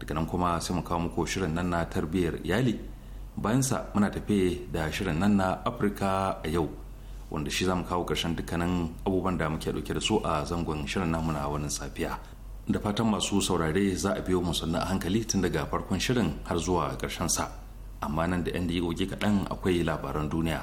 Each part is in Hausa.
daga nan kuma sai mu kawo muku shirin nan na tarbiyyar iyali bayansa muna tafe da shirin nan na afirka a yau wanda shi za mu kawo ƙarshen dukkanin abubuwan da muke ɗauke da su a zangon shirin namu na wannan safiya da fatan masu saurare za a biyo musu na a hankali tun daga farkon shirin har zuwa ƙarshen sa amma nan da 'yan da kaɗan akwai labaran duniya.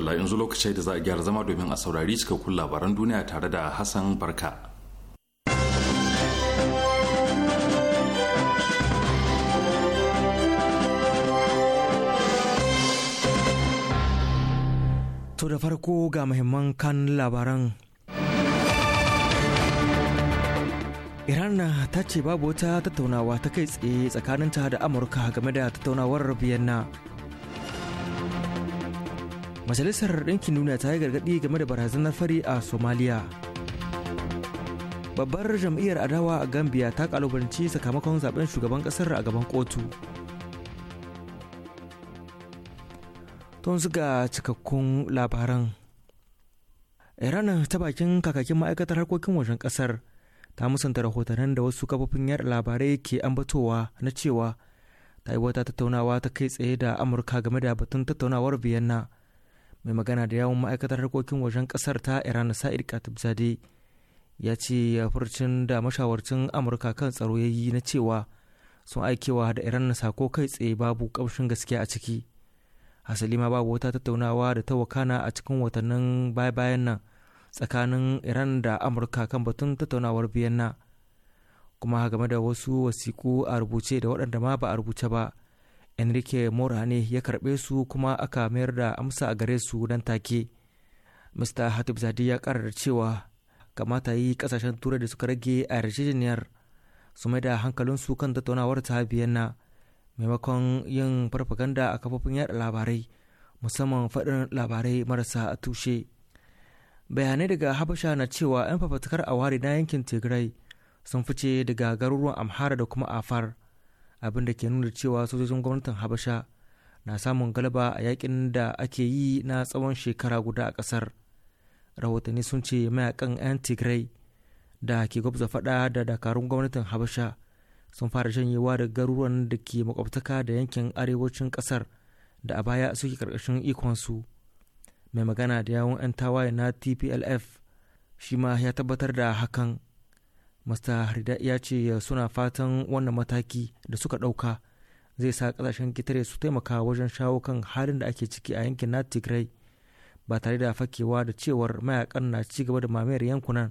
madalla yanzu lokacin da za a gyara zama domin a saurari cikakkun labaran duniya tare da hassan barka to da farko ga muhimman kan labaran iran ta ce babu wata tattaunawa ta kai tsaye tsakanin tsakaninta da amurka game da tattaunawar vienna majalisar ɗinkin duniya ta yi gargaɗi game da barazanar fari a somaliya babbar jam'iyyar adawa a gambia ta kalubalanci sakamakon zaben shugaban kasar a gaban kotu tun suka cikakkun labaran iran ta bakin kakakin ma'aikatar harkokin wajen kasar ta musanta rahotannin da wasu kafofin yada labarai ke ambatowa na cewa ta yi wata tattaunawa ta kai tsaye da amurka game da batun tattaunawar vienna mai magana da yawon ma'aikatar harkokin wajen kasar ta iran sa'id zade ya ce furcin da mashawarcin amurka kan tsaro ya yi na cewa sun aikewa da iran sako kai tsaye babu kamshin gaskiya a ciki hasali ma babu wata tattaunawa da ta wakana a cikin watannin baya-bayan nan tsakanin iran da amurka kan batun tattaunawar biyan na kuma game da wasu wasiku a rubuce da waɗanda ma ba a rubuce ba enrique mora ne ya karbe su kuma aka mayar da amsa a gare su nan take mr hatib zadi ya karar cewa kamata yi kasashen turai da suka rage a yarjejeniyar su mai da hankalinsu kan tattaunawar ta biyanna maimakon yin farfaganda a kafofin yada labarai musamman faɗin labarai marasa tushe bayanai daga habasha na cewa 'yan fafatakar awari na yankin tigray sun fice daga garuruwan amhara da kuma afar abin da ke nuna cewa sojojin gwamnatin habasha na samun galaba a yakin da ake yi na tsawon shekara guda a kasar rahotanni sun ce mayakan 'yan tigray da ke gwabza fada da dakarun gwamnatin habasha sun fara shanyewa da garuruwan da ke makwabtaka da yankin arewacin kasar da a baya suke karkashin ikonsu mai magana da yawon 'yan tawaye na tplf shi ma ya tabbatar da hakan mr harida ya ce suna fatan wannan mataki da suka ɗauka zai sa kasashen kitare su taimaka wajen shawo kan halin da ake ciki a yankin na tigray ba tare da fakewa da cewar mayakan na ci gaba da mamayar yankunan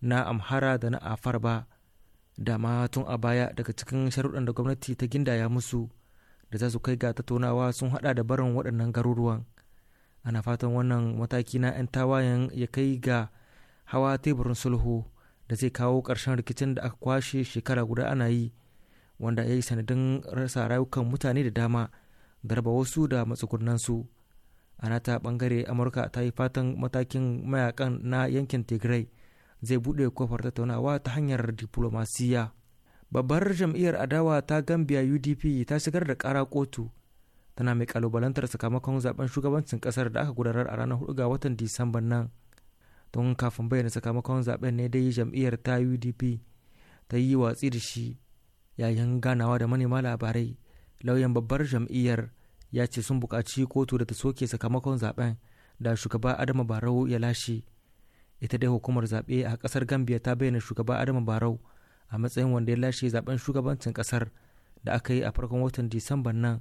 na amhara da na afar ba dama tun a baya daga cikin sharuɗan da gwamnati ta gindaya musu da za su kai ga tattaunawa sun hada da barin waɗannan garuruwan ana fatan wannan mataki na 'yan tawayen ya kai ga hawa teburin sulhu da zai kawo ƙarshen rikicin da aka kwashe shekara guda ana yi wanda ya yi sanadin rasa rayukan mutane da dama da raba wasu da matsugunansu a nata bangare amurka ta yi fatan matakin mayakan na yankin tigray zai buɗe kofar tattaunawa ta hanyar diplomasiya babbar jam'iyyar adawa ta gambia udp ta shigar da ƙara kotu tana mai kalubalantar sakamakon zaben shugabancin kasar da aka gudanar a ranar 4 ga watan disamban nan don kafin bayyana sakamakon zaben ne dai jam'iyyar ta udp ta yi watsi da shi yayin ganawa da manema labarai lauyan babbar jam'iyyar ya ce sun buƙaci kotu da ta soke sakamakon zaben da shugaba adama barau ya lashe ita dai hukumar zaɓe a ƙasar gambia ta bayyana shugaba adama barau a matsayin wanda ya lashe zaben shugabancin ƙasar da aka yi a farkon watan disamban nan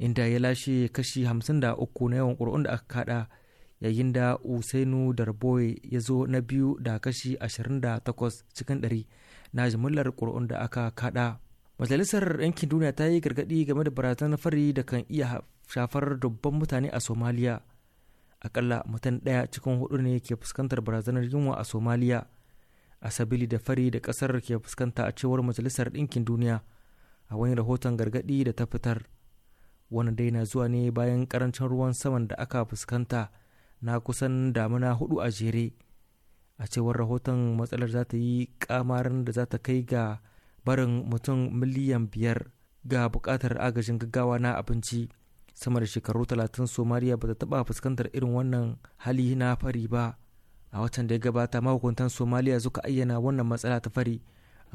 inda ya lashe kashi hamsin da uku na yawan ƙuri'un da aka kaɗa. yayin da usainu darboy ya zo na biyu da kashi 28 cikin 100 na jimillar ƙuri'un da aka kada majalisar yankin duniya ta yi gargaɗi game da barazanar fari da kan iya shafar dubban mutane a somaliya akalla mutum ɗaya cikin hudu ne ke fuskantar barazanar yunwa a somaliya a sabili da fari da ƙasar ke fuskanta a cewar majalisar ɗinkin duniya a wani rahoton gargaɗi da ta fitar wani dai na zuwa ne bayan karancin ruwan saman da aka fuskanta na kusan damuna hudu a jere a cewar rahoton matsalar za ta yi kamarin da za ta kai ga barin mutum miliyan biyar ga bukatar agajin gaggawa na abinci sama da shekaru talatin somaliya ba ta taba fuskantar irin wannan hali na fari ba a watan da ya gabata mahukuntan somaliya suka ayyana wannan matsala ta fari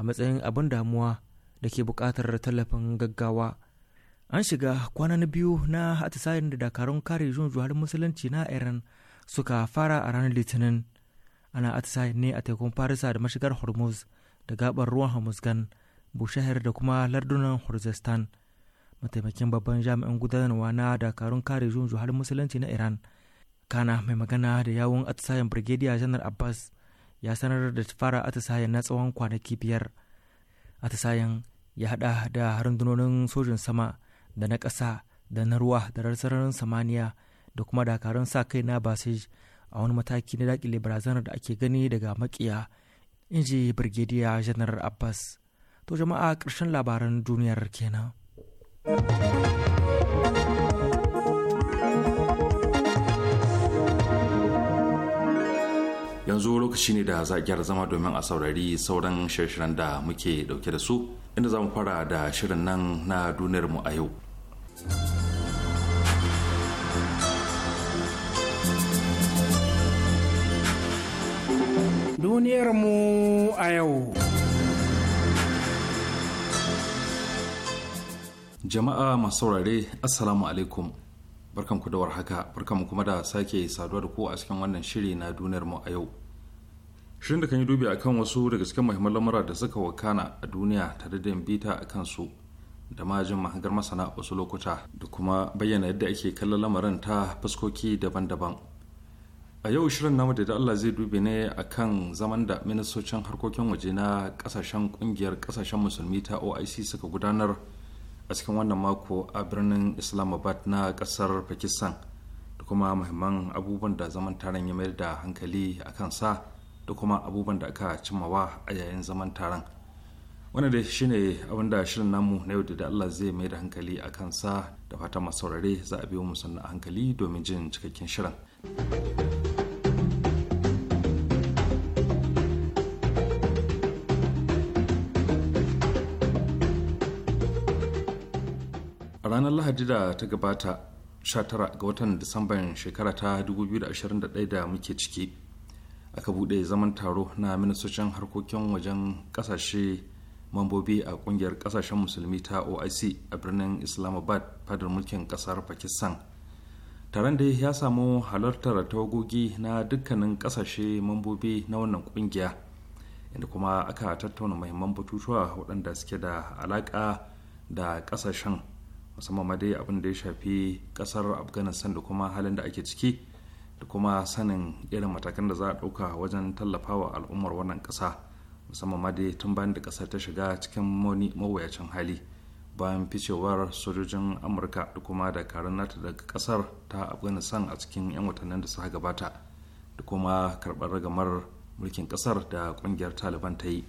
a matsayin abin damuwa da ke bukatar tallafin gaggawa an shiga kwanan biyu na atisayen da dakarun kare jun juharin musulunci na iran suka fara a ranar litinin ana atisayen ne a tekun farisa da mashigar hormuz da gabar ruwan hamusgan bushahar da kuma lardunan horzestan mataimakin babban jami'in gudanarwa na dakarun kare jun musulunci na iran kana mai magana da yawun atisayen brigadier janar abbas ya sanar da fara atisayen na tsawon kwanaki biyar atisayen ya hada da rundunonin sojin sama da na ƙasa da na ruwa da rarsararin samaniya da kuma dakarun sa kai na basij a wani mataki na dakile barazanar da ake gani daga makiya in ji birgidiya janar abbas to jama'a ƙarshen labaran duniyar kenan. yanzu lokaci ne da za a zama domin a saurari sauran shirye-shiryen da muke dauke da su inda za mu fara da shirin nan na duniyar mu a yau Duniyarmu a yau. Jama'a masu saurare Assalamu alaikum. Barkanku da warhaka, barkanku kuma da sake saduwa da ku a cikin wannan shiri na duniyarmu a yau. Shirin da kan yi dubi akan wasu daga cikin muhimman lamura da suka wakana a duniya tare da bita a kansu. da majin mahangar masana wasu lokuta da kuma bayyana yadda ake kallon lamarin ta fuskoki daban-daban a yau shirin namu da Allah zai dube ne akan zaman da ministocin harkokin waje na kasashen kungiyar kasashen musulmi ta oic suka gudanar a cikin wannan mako a birnin islamabad na kasar pakistan da kuma muhimman abubuwan da zaman taron ya mayar da hankali a kansa da kuma abubuwan da aka cimmawa a yayin zaman taron da dai ne abin da shirin namu na yau da Allah zai mai da hankali a kansa da fata masu saurare za a biyo mu sannan a hankali domin jin cikakken shirin a ranar lahadi da ta gabata 19 ga watan disamban shekara ta 2021 da muke ciki aka buɗe zaman taro na ministocin harkokin wajen ƙasashe mambobi a kungiyar kasashen musulmi ta oic a birnin islamabad fadar mulkin kasar pakistan taron da ya samu halartar tawagogi na dukkanin kasashe mambobi na wannan kungiya inda kuma aka tattauna mahimman batutuwa waɗanda suke da alaƙa da kasashen musamman ma dai abin da ya shafi kasar afghanistan da kuma halin da ake ciki da kuma sanin irin matakan da za a ɗauka wajen tallafawa al'ummar wannan ƙasa musamman ma dai tun bayan da kasar ta shiga cikin moni mawuyacin hali bayan ficewar sojojin amurka da kuma da dakarun nata daga kasar ta afghanistan a cikin 'yan watannin da suka gabata da kuma karɓar ragamar mulkin kasar da kungiyar taliban ta yi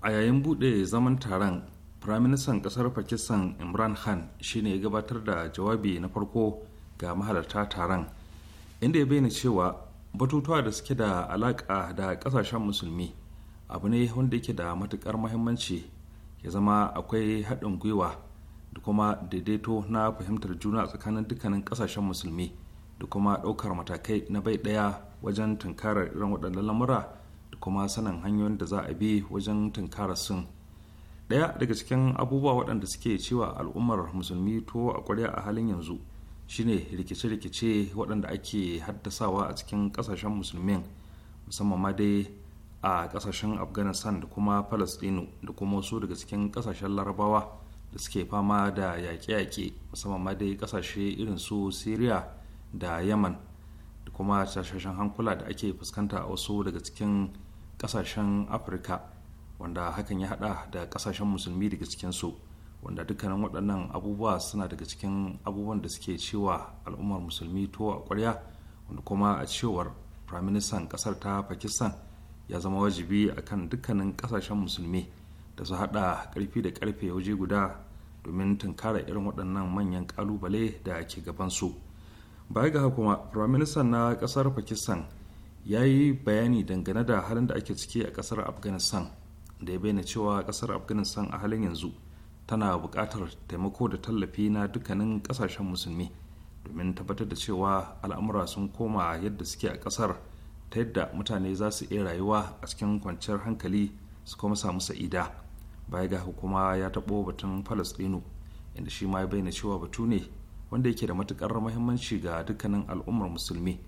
a yayin buɗe zaman taron firaministan kasar pakistan imran khan shine ya gabatar da jawabi na farko ga mahalarta taron inda ya bayyana cewa batutuwa da suke da alaƙa da kasashen musulmi abu ne wanda yake da matukar mahimmanci ya zama akwai haɗin gwiwa da kuma daidaito na fahimtar juna tsakanin dukkanin ƙasashen musulmi da kuma ɗaukar matakai na bai ɗaya wajen tunkarar irin waɗannan lamura da kuma sanin hanyoyin da za a bi wajen tunkarar sun ɗaya daga cikin abubuwa waɗanda suke cewa al'ummar musulmi to a ƙwarya a halin yanzu shine rikice-rikice waɗanda ake haddasawa a cikin ƙasashen musulmin musamman ma dai a kasashen afghanistan da kuma palestino da kuma wasu daga cikin kasashen larabawa da suke fama da yaƙe-yaƙe musamman ma dai kasashe irin su syria da yaman da kuma tashashen hankula da ake fuskanta a wasu daga cikin kasashen afirka wanda hakan ya hada da kasashen musulmi daga cikinsu wanda dukkanin waɗannan abubuwa suna daga cikin abubuwan da suke cewa al'ummar musulmi to a ƙwarya wanda kuma a cewar firaministan ƙasar ta pakistan ya zama wajibi a kan dukkanin kasashen musulmi da su haɗa karfi da karfe waje guda domin tunkara irin waɗannan manyan ƙalubale da ke gabansu baya ga kuma firaministan na ƙasar pakistan ya yi bayani dangane da halin da ake ciki a ƙasar afghanistan da ya bayyana cewa ƙasar afghanistan a halin yanzu tana buƙatar taimako da tallafi na dukkanin ƙasashen musulmi domin tabbatar da cewa al'amura sun koma yadda suke a ƙasar ta yadda mutane za su iya rayuwa a cikin kwanciyar hankali su kuma samu sa'ida baya ga hukuma ya taɓo batun falastinu inda shi ma ya bayyana cewa batu ne wanda yake da matukar muhimmanci ga dukkanin al'ummar musulmi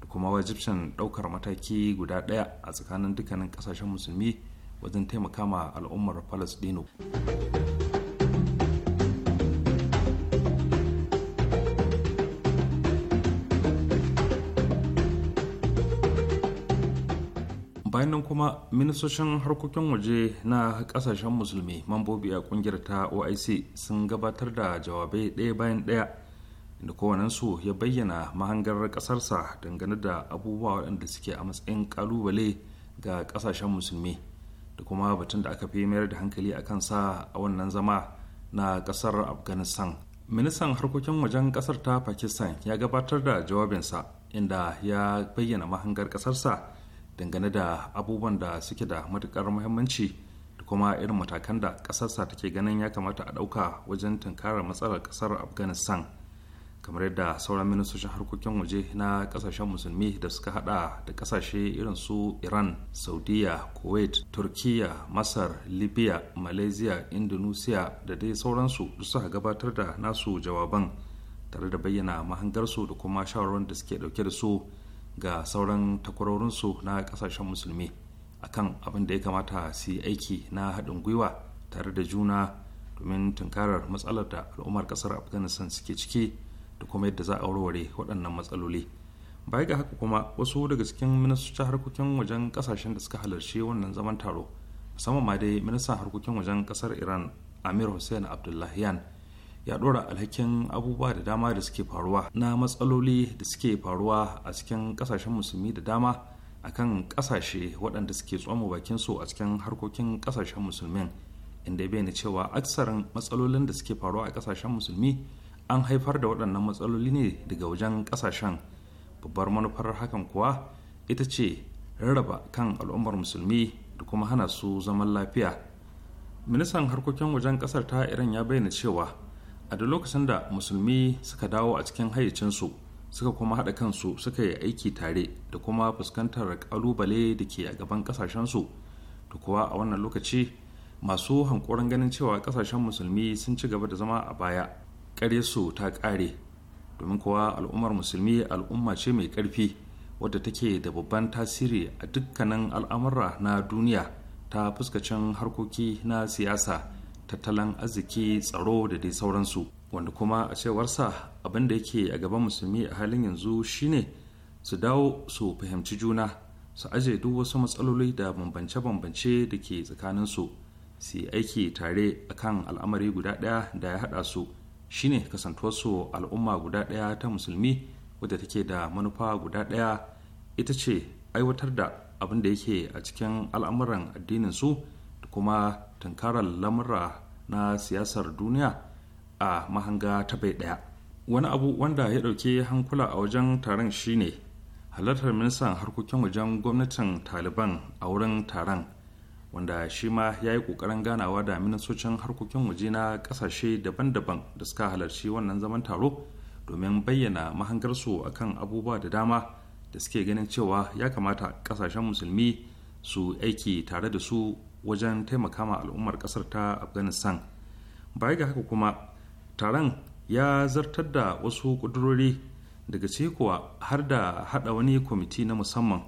da kuma wajibcin ɗaukar mataki guda ɗaya a tsakanin dukkanin ƙasashen musulmi wajen taimaka ma al'ummar falastinu kuma ministocin harkokin waje na kasashen musulmi mambobi a kungiyar ta oic sun gabatar da jawabai ɗaya bayan ɗaya da kowanensu ya bayyana mahangar ƙasarsa dangane da abubuwa waɗanda suke a matsayin ƙalubale ga ƙasashen musulmi da kuma batun da aka fi mayar da hankali a kansa a wannan zama na ƙasar afghanistan ministan harkokin wajen ƙasar ta pakistan ya gabatar da jawabinsa inda ya bayyana mahangar ƙasarsa dangane da abubuwan da suke da matukar muhimmanci da kuma irin matakan da ƙasarsa take ganin ya kamata a ɗauka wajen tunkarar matsalar ƙasar afghanistan kamar yadda sauran ministocin harkokin waje na ƙasashen musulmi da suka haɗa da ƙasashe irin su iran saudiya kuwait turkiya masar libya malaysia indonesia da dai sauransu da suka gabatar da nasu jawaban tare da bayyana mahangarsu da kuma shawarwar da suke dauke da su ga sauran takwarorinsu na kasashen musulmi akan abin da ya kamata su yi aiki na haɗin gwiwa tare da juna domin tunkarar matsalar da al'ummar ƙasar afghanistan suke ciki da kuma yadda za a warware waɗannan matsaloli baya ga haka kuma wasu daga cikin ministocin harkokin wajen kasashen da suka halarci wannan zaman taro musamman ma dai ministan harkokin wajen ƙasar iran amir hussein abdullahiyan ya dora alhakin abubuwa da dama da suke faruwa na matsaloli da suke faruwa a cikin kasashen musulmi da dama A kan kasashe waɗanda suke tsoma bakin su a cikin harkokin kasashen musulmin inda ya bayyana cewa aksarin matsalolin da suke faruwa a kasashen musulmi an haifar da waɗannan matsaloli ne daga wajen kasashen babbar manufar hakan kuwa ita ce rarraba kan al'ummar musulmi da kuma hana su zaman lafiya ministan harkokin wajen kasar ta iran ya bayyana cewa a da lokacin da musulmi suka dawo a cikin hayyacinsu suka kuma haɗa kansu suka yi aiki tare da kuma fuskantar ƙalubale da ke a gaban ƙasashensu da kuwa a wannan lokaci masu hankoron ganin cewa ƙasashen musulmi sun ci gaba da zama a baya ƙare su ta ƙare domin kuwa al'ummar musulmi al'umma ce mai ƙarfi wadda take da babban tasiri a dukkanin al'amura na duniya ta fuskacin harkoki na siyasa tattalin arziki tsaro da dai sauransu wanda kuma a cewarsa abin da yake a gaban musulmi a halin yanzu shine su dawo su fahimci juna su aje duk wasu matsaloli da bambance-bambance da ke tsakaninsu su yi aiki tare akan al'amari guda ɗaya da ya haɗa su shine kasantuwarsu al'umma guda ɗaya ta musulmi wadda take da manufa guda ɗaya ita ce aiwatar da abin da yake a cikin al'amuran addinin su da kuma tunkarar lamura na siyasar duniya a mahanga ta bai ɗaya wani abu wanda ya dauke hankula a wajen taron shine halartar ministan harkokin wajen gwamnatin taliban a wurin taron wanda shi ma ya yi kokarin ganawa da ministocin harkokin waje na kasashe daban-daban da suka halarci wannan zaman taro domin bayyana mahangarsu akan abubuwa da dama da suke ganin cewa ya kamata kasashen musulmi su aiki tare da su wajen taimaka ma al'ummar kasar ta afghanistan baya ga haka kuma taron ya zartar da wasu ƙudurori daga cikuwa har da hada wani kwamiti na musamman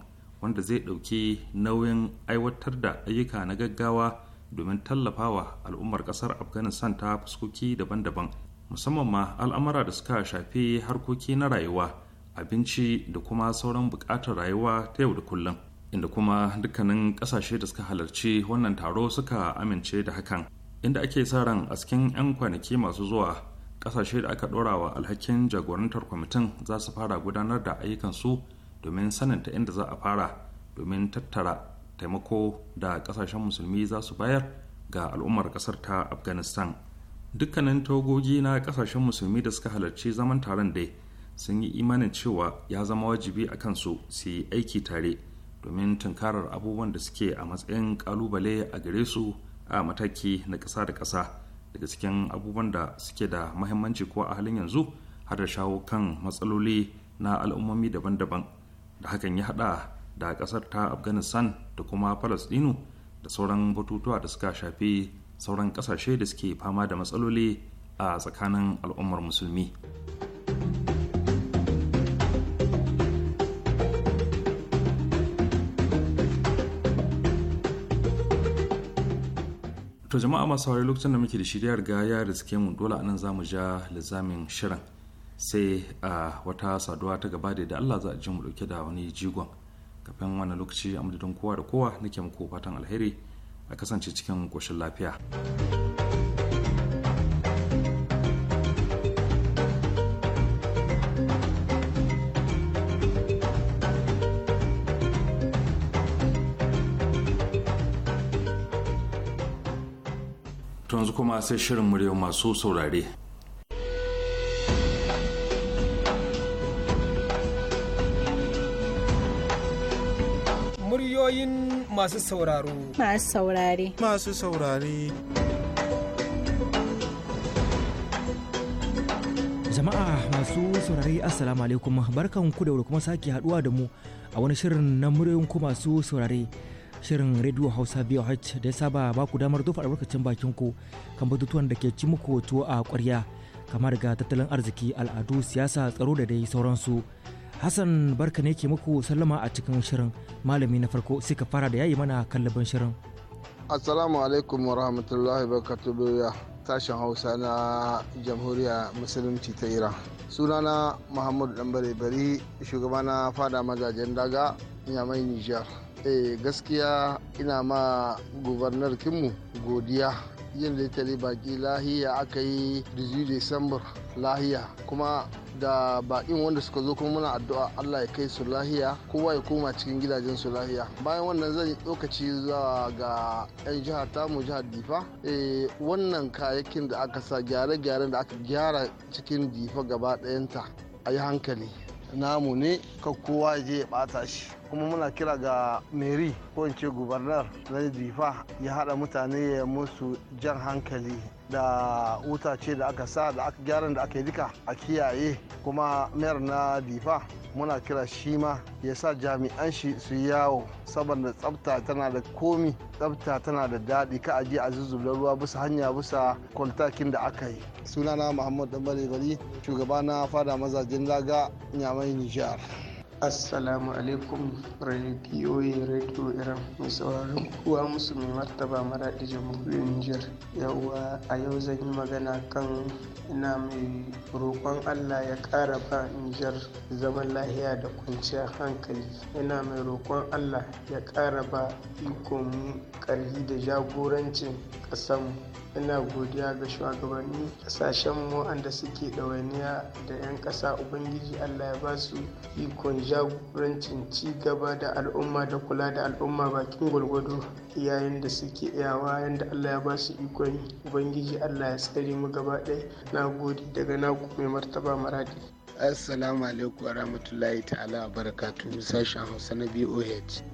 wanda zai ɗauki nauyin aiwatar da ayyuka na gaggawa domin tallafawa al'ummar ƙasar afghanistan ta fuskoki daban-daban musamman ma al'amura da suka shafi harkoki na rayuwa abinci da kuma sauran bukatar rayuwa ta yau da kullum inda kuma dukkanin kasashe da suka halarci wannan taro suka amince da hakan inda ake sa ran a cikin 'yan kwanaki masu zuwa kasashe da aka ɗora wa alhakin jagorantar kwamitin za su fara gudanar da ayyukansu domin saninta inda za a fara domin tattara taimako da kasashen musulmi za su bayar ga al'ummar kasar ta afghanistan dukkanin togogi na kasashen musulmi da suka halarci zaman taron dai sun yi imanin cewa ya zama wajibi a kansu su yi aiki tare domin tunkarar abubuwan da suke a matsayin kalubale a gare su a mataki na ƙasa da ƙasa daga cikin abubuwan da suke da mahimmanci ko a halin yanzu har da shawo kan matsaloli na al'ummomi daban-daban da hakan ya hada da ƙasar ta afghanistan da kuma palestinu da sauran batutuwa da suka shafi sauran ƙasashe da suke fama da matsaloli a tsakanin al'ummar musulmi. to jama'a masu haure lokacin da muke da shirya riga ya riske mu dole anan za mu ja lizamin shirin sai a wata saduwa ta gaba da Allah za a ji mu dauke da wani jigon kafin wannan lokaci a madadin kowa da kowa nake muku fatan alheri a kasance cikin koshin lafiya. to yanzu kuma sai shirin murya masu saurare muryoyin masu sauraro masu saurare masu saurare jama'a masu saurare assalamu alaikum barkan ku da kuma sake haduwa da mu a wani shirin na muryoyin ku masu saurare shirin radio hausa voh da ya saba ba ku damar dofa albarkacin bakin ku kan batutuwan da ke ci muku tuwo a kwarya kamar daga tattalin arziki al'adu siyasa tsaro da dai sauransu hassan barka ne ke muku sallama a cikin shirin malami na farko sai ka fara da yayi mana kallabin shirin assalamu alaikum wa rahmatullahi wa tashin hausa na jamhuriya musulunci ta iran sunana muhammadu dan bari shugaba na fada mazajen daga yamai nijar eh gaskiya ina ma gubernar kinmu godiya yadda ta baki lahiya aka yi 18 lahiya kuma da baƙin wanda suka zo kuma muna addu'a Allah ya kai su lahiya kowa ya koma cikin gidajen su lahiya bayan wannan zan yi lokaci zuwa ga yan jihar tamu jihar difa eh wannan kayakin da aka sa gyare-gyaren da aka gyara cikin difa gaba ɗayanta a yi hankali namu ne ka kowa je ya bata shi kuma muna kira ga mary ko in ce gubernar na difa ya hada mutane ya musu jan hankali da wuta ce da aka sa da aka gyaran da aka yi a kiyaye kuma mayar na difa muna kira shi ma ya sa jami'an shi su yawo saboda tsabta tana da komi tsabta tana da daɗi ka aji a zuzubar ruwa bisa hanya bisa kwaltakin da aka yi sunana muhammad dan bari shugaba na fada mazajen laga nyamai nijar assalamu alaikum radiyoyi radio iran mai sauraron kuwa musu mai martaba maraɗi jamhuriyar nijar yawa a yau zan yi magana kan ina mai roƙon allah ya ƙara ba nijar zaman lahiya da kwanciyar hankali ina mai roƙon allah ya ƙara ba ikon mu ƙarfi da jagorancin ƙasanmu ina godiya ga shugabanni ƙasashen mu wanda suke ɗawainiya da 'yan ƙasa ubangiji allah ya ba su ikon jagorancin ci gaba da al'umma da kula da al'umma bakin gwargwado yayin da suke iyawa yadda allah ya ba su ikon ubangiji allah ya tsare mu gaba ɗaya na gode daga naku mai martaba maradi assalamu alaikum warahmatullahi ta'ala barakatu sashen hausa na boh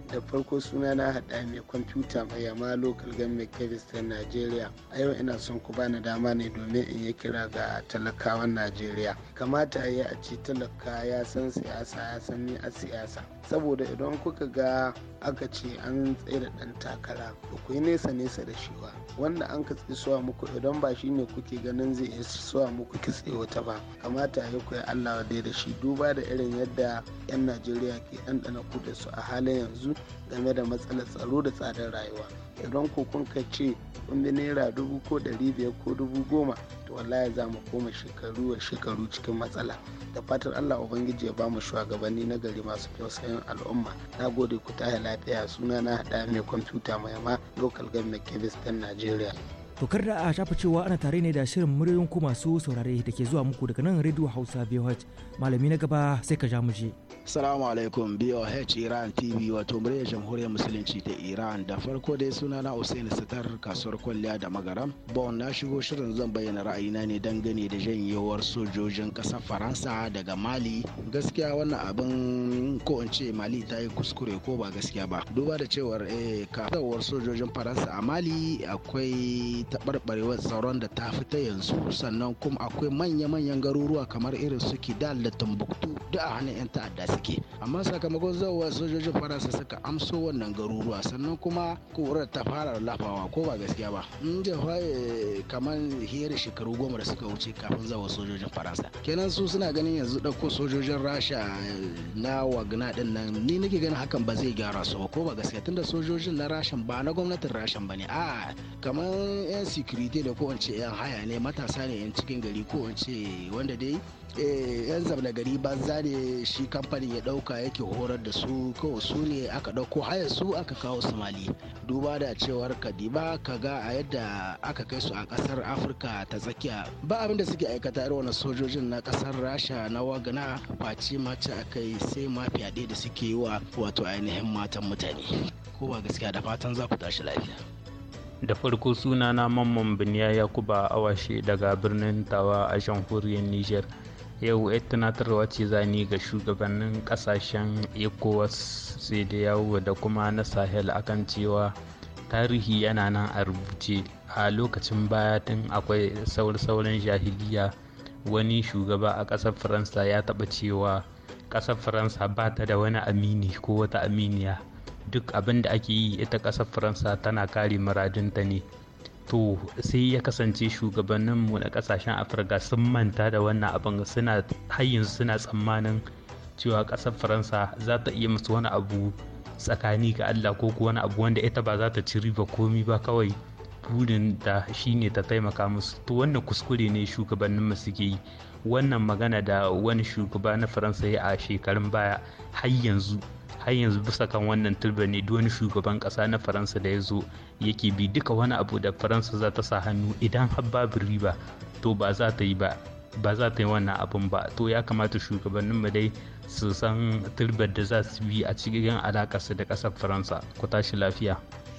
da farko suna na haɗa mai kwamfuta mai yama local government kebis ta najeriya a yau ina son ku bani dama ne domin in yi kira ga talakawan najeriya kamata ya a ce talaka ya san siyasa ya san ni a siyasa saboda idan kuka ga aka ce an tsere ɗan takara ku yi nesa nesa da shi ba wanda an ka suwa muku idan ba shi ne kuke ganin zai iya suwa muku kitse wata ba kamata ya ku allah dai da shi duba da irin yadda 'yan najeriya ke ɗanɗana ku da su a halin yanzu game da matsalar tsaro da tsadar rayuwa idan ko kun ka ce kun bi naira dubu ko ɗari biyar ko dubu goma to wallahi za mu koma shekaru a shekaru cikin matsala da fatar allah ubangiji ya bamu shugabanni na gari masu kyau sayan al'umma na gode ku tahi lafiya suna na haɗa mai kwamfuta mai ma local government kebis ɗan najeriya tokar da a shafa cewa ana tare ne da shirin muryoyin ku masu saurare da ke zuwa muku daga nan radio hausa voh malami na gaba sai ka ja mu je. Salamu alaikum BOH Iran TV wato muryar jamhuriyar musulunci ta Iran da farko dai suna na Hussein Sitar kasuwar kwalliya da magaram. Bon na shigo shirin zan bayyana ra'ayina ne gani da janyewar sojojin ƙasar Faransa daga Mali. Gaskiya wannan abin ko in ce Mali ta yi kuskure ko ba gaskiya ba. Duba da cewar eh sojojin Faransa a Mali akwai taɓarɓarewar tsaron da ta fita yanzu sannan kuma akwai manya-manyan garuruwa kamar irin su Kidal da tumbuktu duk a hannun 'yan ta'adda take amma sakamakon zawowa sojojin faransa suka amso wannan garuruwa sannan kuma kurar ta fara lafawa ko ba gaskiya ba in jafa kamar hiyar shekaru goma da suka wuce kafin zawo sojojin faransa kenan su suna ganin yanzu ɗauko sojojin rasha eh, na wagna din nan ni nake ganin hakan ba zai gyara su ba ko ba gaskiya tunda sojojin na rashin ba na gwamnatin rashin ba ne a kamar yan security da ko in yan haya ne matasa ne yan cikin gari ko in wanda dai Eh, yan zamna gari banza ne shi kamfanin ya ɗauka yake horar da su kawai su ne aka ɗauko haya su aka kawo somali duba da cewar kadima ka ga a yadda aka kai su a kasar afirka ta tsakiya ba abinda da suke aikata irin wani sojojin na kasar rasha na wagana face mace a kai sai ma da suke yi wa wato ainihin matan mutane ko ba gaskiya da fatan za ku tashi lafiya da farko sunana mamman biniya yakuba awashe daga birnin tawa a jamhuriyar niger yau yar eh, tunatarwa ce zani ga shugabannin kasashen ecowas sai da yawo da kuma na sahel akan cewa tarihi yana nan a rubuce a lokacin baya tun akwai sauran jahiliya wani shugaba a ƙasar faransa ya taɓa cewa ƙasar faransa ba ta da wani amini ko wata aminiya duk abin da ake yi ita ƙasar faransa tana kare muradunta ne to sai ya kasance shugabanninmu na kasashen afirka sun manta da wannan abin suna hayin suna tsammanin cewa kasar faransa za ta iya musu wani abu tsakani ga allah ko kuwa wani abu wanda ita ba za ta ci riba komi ba kawai burin da shine ta taimaka musu to wannan kuskure ne shugabanninmu suke yi wannan magana da wani shugaba na faransa ya a shekarun baya har yanzu har yanzu bisa kan wannan turba ne duk wani shugaban kasa na faransa da ya zo yake bi duka wani abu da faransa za ta sa hannu idan har babu riba to ba za ta yi ba ba za ta yi wannan abun ba to ya kamata shugabannin mu dai su san turbar da za su bi a cikin alakarsu da ƙasar faransa ku tashi lafiya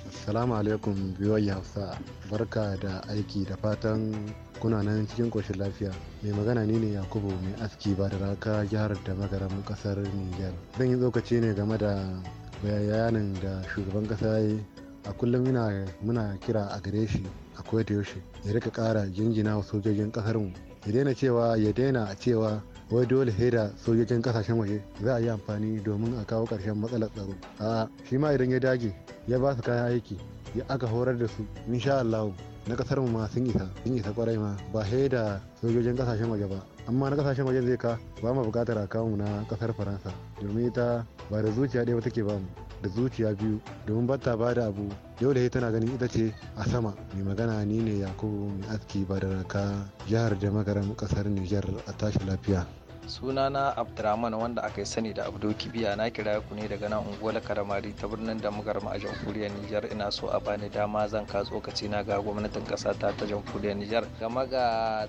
Assalamu alaikum biyuwar Hausa. Barka da aiki da fatan kuna nan cikin koshin lafiya. Mai magana ni ne Yakubu mai aski ba da raka jihar da magaram kasar Niger. Zan yi tsokaci ne game da bayanin da shugaban kasa yi a kullum muna kira a gare shi akwai da yaushe ya rika kara jinjina wa sojojin kasar mu ya daina cewa ya daina cewa wai dole sai da sojojin kasashen waje za a yi amfani domin a kawo karshen matsalar tsaro a'a shi ma idan ya dage ya ba su kayan aiki ya aka horar da su insha Allah na kasar mu ma sun isa sun isa kwarai ma ba sai da sojojin kasashen waje ba amma na kasashen waje zai ka ba mu bukatar a kawo na kasar faransa domin ita ba da zuciya ɗaya ba take ba mu da zuciya biyu domin ba ta bada abu yau da tana ganin ita ce a sama mai magana ni ne yakubu mai aski ba da raka jihar jamagaram kasar niger a tashi lafiya sunana abdulrahman wanda aka yi sani da abdu kibiya na kira ku ne daga nan unguwar karamari ta birnin da magarma a jamhuriyar nijar ina so a bani dama zan ka tsokaci na ga gwamnatin kasa ta ta jamhuriyar nijar game ga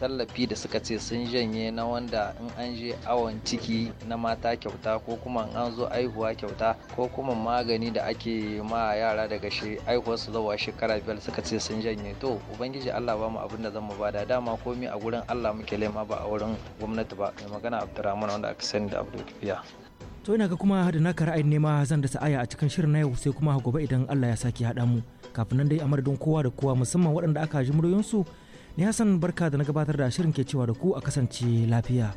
tallafi da suka ce sun janye na wanda in an je awon ciki na mata kyauta ko kuma in an zo aihuwa kyauta ko kuma magani da ake ma yara daga shi aihuwar su zuwa shekara biyar suka ce sun janye to ubangiji allah ba mu abin da zan mu bada dama komi a gurin allah muke lema ba a wurin gwamnati ba mai magana abdurrahman wanda aka sani da abu to ina ga kuma da naka ra'ayin nema zan da sa'aya a cikin shirin na yau sai kuma gobe idan Allah ya saki haɗa mu kafin nan dai a madadin kowa da kowa musamman waɗanda aka ji muryoyinsu ni Hassan barka da na gabatar da shirin ke cewa da ku a kasance lafiya.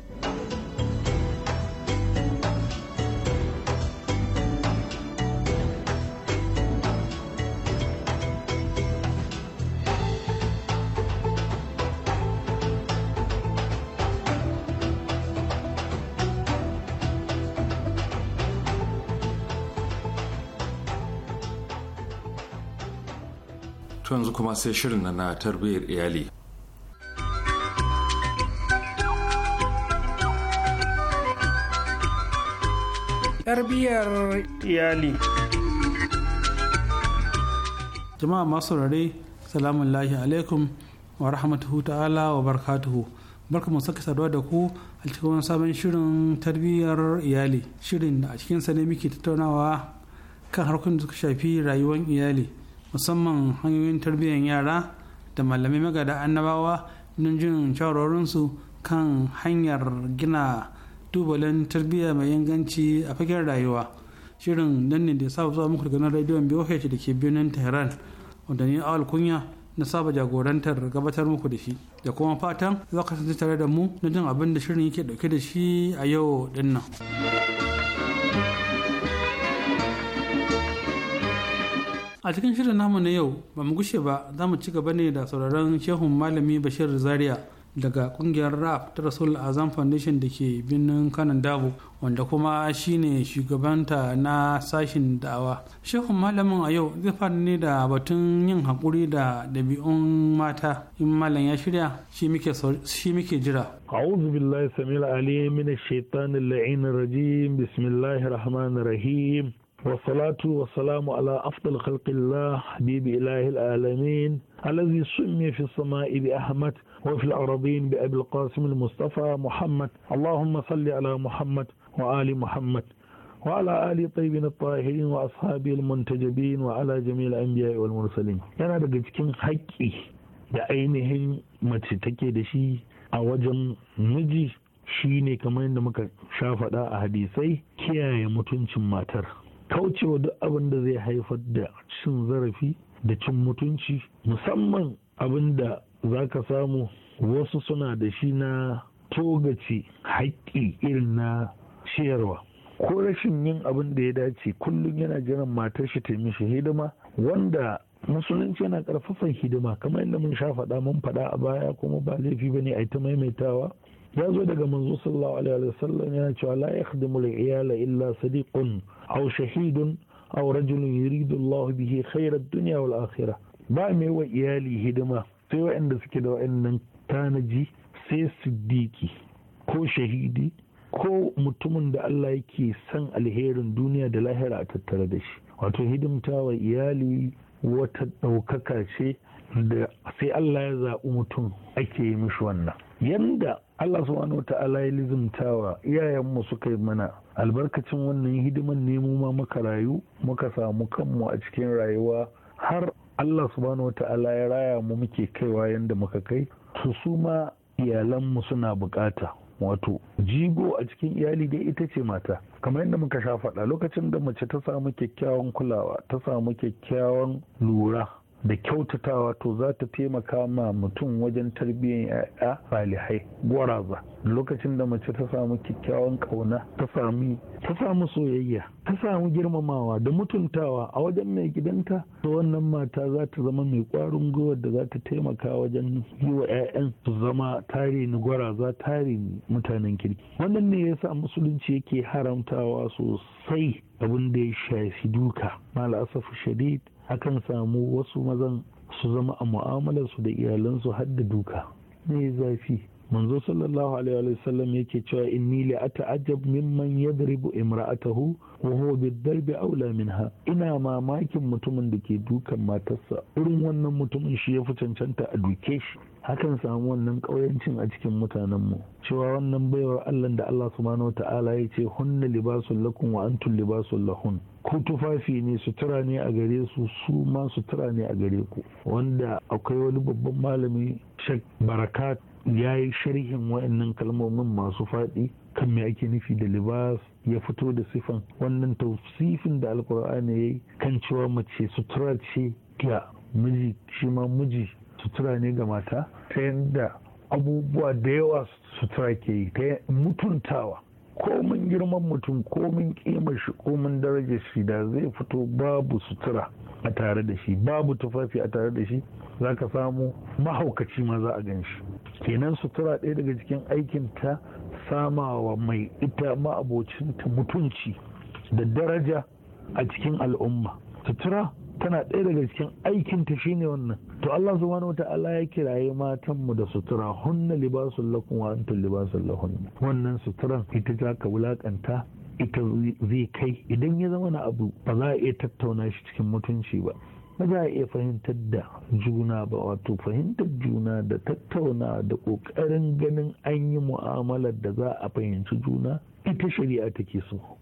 kuma sai shirin na na tarbiyyar iyali tarbiyyar iyali jama'a masu rare salamun lahi alaikum wa rahmatuhu ta'ala wa barkatuhu barka mu saka saduwa da ku a cikin sabon shirin tarbiyyar iyali shirin a cikinsa ne muke tattaunawa kan harkokin da suka shafi rayuwar iyali musamman hanyoyin tarbiyyar yara da malamai magada annabawa don jin su kan hanyar gina tubalin tarbiyya mai inganci a fagen rayuwa shirin nan ne da ya saba zuwa muku daga rediyon boh da ke birnin tehran wanda ni awal kunya na saba jagorantar gabatar muku da shi da kuma fatan za ka tare da mu na jin abin da shirin yake dauke da shi a yau dinnan. a cikin shirin namu na yau ba mu gushe ba za mu ci gaba ne da sauraron shehun malami bashir zaria daga kungiyar rap ta rasul azam foundation da ke birnin kanan dabo wanda kuma shine shugabanta na sashin da'awa shehun malamin a yau zai fara ne da batun yin hakuri da ɗabi'un mata in malam ya shirya shi muke jira أعوذ بالله السميع العليم من الشيطان اللعين الرجيم بسم الله الرحمن الرحيم wasalatu wasalamu ala afdal khalqillah habibi ilahi alamin alazi summi fi sama'i bi ahmad wa fil arabin bi abil qasim mustafa muhammad allahumma salli ala muhammad wa ali muhammad wa ala ali tayyibin at-tahirin wa ashabi al wa ala jami al anbiya wal mursalin yana daga cikin haƙƙi da ainihin mace take da shi a wajen miji shi ne kamar yadda muka sha faɗa a hadisai kiyaye mutuncin matar kaucewa duk abin da zai haifar da cin zarafi da cin mutunci musamman abin da za ka samu wasu suna da shi na togaci haƙƙi irin na ciyarwa ko rashin yin abin da ya dace kullum yana jiran matar shi ta mishi hidima wanda musulunci yana ƙarfafan hidima kamar yadda mun sha faɗa mun faɗa a baya kuma ba laifi ba ne a ta maimaitawa ya zo daga manzo sallallahu alaihi wa sallam yana cewa la yakhdimu al-iyala illa sadiqun aw shahidun aw rajulun yuridu Allah bihi khayra ad-dunya wal akhirah ba mai wa iyali hidima sai waɗanda suke da waɗannan tanaji sai siddiqi ko shahidi ko mutumin da Allah yake san alherin duniya da lahira a tattare da shi wato hidimta wa iyali wata ɗaukaka ce da sai Allah ya zaɓi mutum ake yi mishi wannan yanda Allah subhanahu wa ta'ala ya lizumtawa iyayenmu suka yi mana albarkacin wannan hidiman nemo ma muka rayu muka samu kanmu a cikin rayuwa har Allah subhanahu wa ta'ala ya raya mu muke kaiwa yadda muka kai su su ma iyalanmu suna bukata wato jigo a cikin iyali dai ita ce mata kamar yadda muka sha faɗa lokacin da mace ta samu kyakkyawan kulawa ta samu kyakkyawan lura da kyautatawa to za ta taimaka ma mutum wajen tarbiyyar ya'ya salihai gwaraza lokacin da mace ta samu kyakkyawan kauna ta sami ta samu soyayya ta samu girmamawa da mutuntawa a wajen mai gidanta da wannan mata za ta zama mai kwarin gwiwar da za ta taimaka wajen yi wa 'ya'yan su zama tare gwaraza tare mutanen kirki wannan ne ya sa musulunci yake haramtawa sosai abin da ya shafi duka mal asafu shadid akan samu wasu mazan su zama a mu'amalarsu da iyalansu har da duka me zafi manzo sallallahu alaihi wa sallam yake cewa inni la ata'ajjab mimman yadribu imra'atahu wa huwa bid-darbi aula minha ina mamakin mutumin da ke dukan matarsa irin wannan mutumin shi ya fi cancanta a duke shi hakan samu wannan ƙauyancin a cikin mutanen mu cewa wannan baiwar Allah da Allah subhanahu ta'ala ya ce hunna libasul lakum wa antum libasul lahun ku tufafi ne sutura ne a gare su su ma sutura ne a gare ku wanda akwai wani babban malami Sheikh Barakat ya yi sharhin wa'annan kalmomin masu faɗi kan me ake nufi da libas ya fito da sifan wannan tausifin da alkur'ani ya yi kan cewa mace sutura ce ga miji shi ma miji sutura ne ga mata ta yadda abubuwa da yawa sutura ke yi ta mutuntawa komin girman mutum komin kima shi komin darajar shi da zai fito babu sutura a tare da shi babu tufafi a tare da shi za ka samu mahaukaci ma za a gan shi kenan sutura ɗaya daga cikin aikin ta samawa mai ita ma'abocinta mutunci da daraja a cikin al'umma sutura tana ɗaya daga cikin aikinta ta shine wannan to Allah subhanahu ta'ala ya kiraye matan mu da sutura hunna libasul lakum wa antum libasul lahun wannan suturan ita za ka wulakanta ita zai kai idan ya zama na abu ba za a iya tattauna shi cikin mutunci ba ba za a iya fahimtar da juna ba wato fahimtar juna da tattauna da ƙoƙarin ganin an yi mu'amalar da za a fahimci juna ita shari'a take so.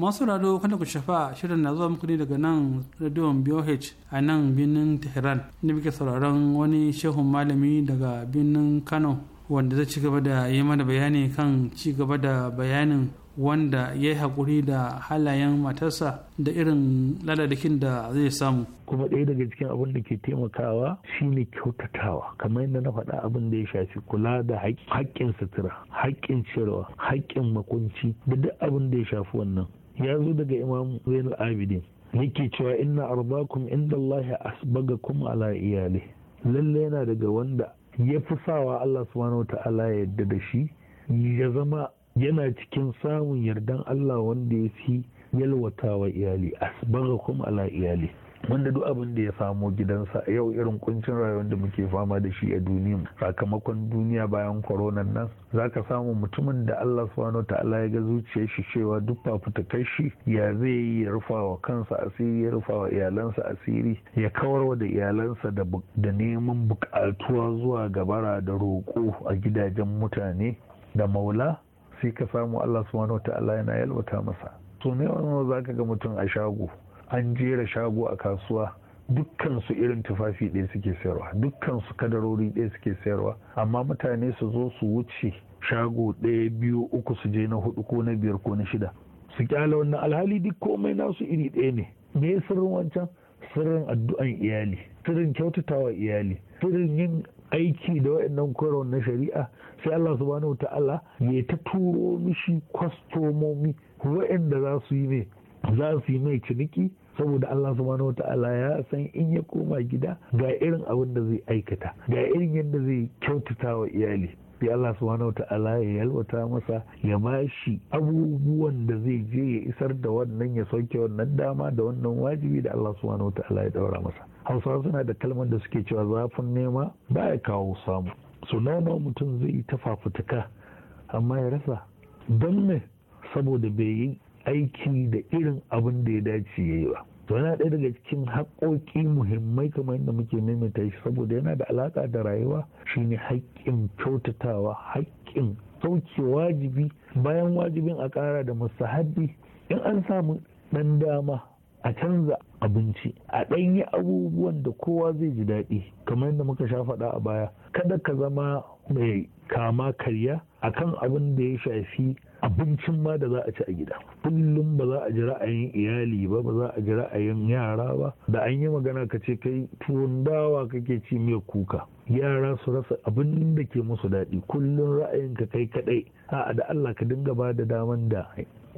masu rado kada ku shafa shirin na zuwa muku ne daga nan radio BOH a nan birnin Tehran inda muke sauraron wani shehun malami daga birnin Kano wanda zai ci gaba da yi mana bayani kan ci gaba da bayanin wanda ya yi haƙuri da halayen matarsa da irin ladadakin da zai samu. kuma ɗaya daga cikin abin da ke taimakawa shine kyautatawa kamar yadda na faɗa abin da ya shafi kula da haƙƙin sutura haƙƙin cirewa haƙƙin makunci da duk abin da ya shafi wannan ya zo daga imam zainul abidin yake cewa inna arbakum inda Allah kuma ala iyali lalle yana daga wanda ya fi sawa Allah subhanahu ta'ala ya yarda da shi ya zama yana cikin samun yardan Allah wanda ya fi yalwata wa iyali kuma ala iyali wanda duk abin da ya samo gidansa a yau irin kuncin rayuwar da muke fama da shi a duniya sakamakon duniya bayan koronan nan ka samu mutumin da Allah subhanahu ta'ala ya ga zuciyar shi cewa duk fafutukar shi ya zai yi ya rufa wa kansa asiri ya rufa wa iyalansa asiri ya kawar da iyalansa da neman bukatuwa zuwa gabara da roƙo a gidajen mutane da maula sai ka samu Allah subhanahu ta'ala yana yalwata masa to ne za zaka ga mutum a shago an jera shago a kasuwa dukkan su irin tufafi ɗaya suke sayarwa dukkan su kadarori ɗaya suke sayarwa amma mutane su zo su wuce shago ɗaya biyu uku su je na hudu ko na biyar ko na shida su kyale wannan alhali duk komai nasu iri ɗaya ne me sirrin wancan sirrin addu'an iyali sirrin kyautatawa iyali sirrin yin aiki da waɗannan koyarwa na shari'a sai Allah subhanahu ta'ala ya ta turo mishi kwastomomi waɗanda za su yi mai za su yi mai ciniki saboda Allah subhanahu wata'ala ya san in ya koma gida ga irin abin da zai aikata ga irin yadda zai kyautata wa iyali bi Allah subhanahu ta'ala ya yalwata masa ya ba shi abubuwan da zai je ya isar da wannan ya sauke wannan dama da wannan wajibi da Allah subhanahu ta'ala ya daura masa hausawa suna da kalmar da suke cewa zafin nema ba ya kawo samu so nawa mutum zai yi ta amma ya rasa don me saboda bai yi aiki da irin abin da ya dace ya yi ba to yana ɗaya daga cikin haƙoƙi muhimmai kamar yadda muke maimaita shi saboda yana da alaƙa da rayuwa shine haƙƙin kyautatawa haƙƙin sauke wajibi bayan wajibin a ƙara da mustahabbi in an samu ɗan dama a canza abinci a ɗanyi abubuwan da kowa zai ji daɗi kamar yadda muka sha faɗa a baya kada ka zama mai kama karya akan abin da ya shafi abincin ma da za a ci a gida kullum ba za a ji ra'ayin iyali ba ba za a ji ra'ayin yara ba da an yi magana ka ce kai tuwon dawa kake ci mai kuka yara su rasa abin da ke musu daɗi kullum ra'ayin ka kai kaɗai a'a da Allah ka dinga ba da daman da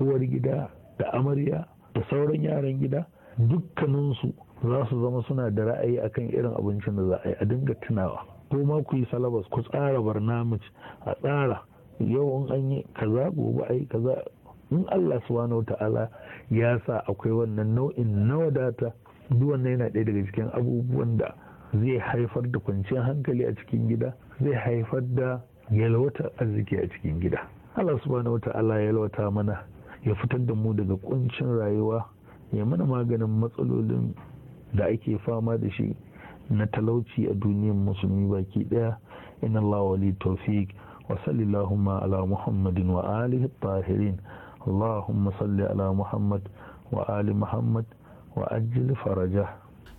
uwar gida da amarya da sauran yaran gida dukkaninsu za su zama suna da ra'ayi akan irin abincin da za a yi a dinga tunawa ko ma ku yi salabas ku tsara barnamij a tsara yau an yi kaza gobe a ai kaza in Allah subhanahu ta'ala ya sa akwai wannan nau'in na wadata duk wannan yana ɗaya daga cikin abubuwan da zai haifar da kwanciyar hankali a cikin gida zai haifar da yalwatar arziki a cikin gida Allah subhanahu ta'ala ya yalwata mana ya fitar da mu daga kuncin rayuwa ya mana maganin matsalolin da ake fama da shi na talauci a duniyar musulmi baki ɗaya, in Allah wali tawfiq وصل اللهم على محمد وآله الطاهرين اللهم صل على محمد وآل محمد وأجل فرجه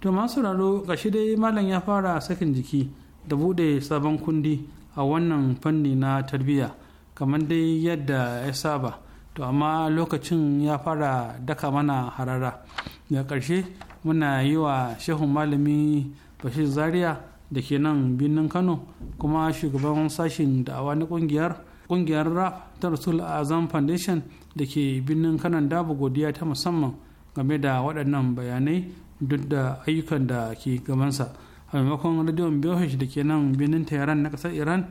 to masu raro gashi dai malam ya fara sakin jiki da bude sabon kundi a wannan fanni na tarbiyya kamar dai yadda ya saba to amma lokacin ya fara daka mana harara da ƙarshe muna yi wa shehun malami bashir zaria da ke nan birnin kano kuma shugaban sashen da'awa na kungiyar kungiyar rap ta rasul azam foundation da ke birnin kanon dabu godiya ta musamman game da waɗannan bayanai duk da ayyukan da ke gabansa a maimakon radiyon da ke nan birnin tehran na ƙasar iran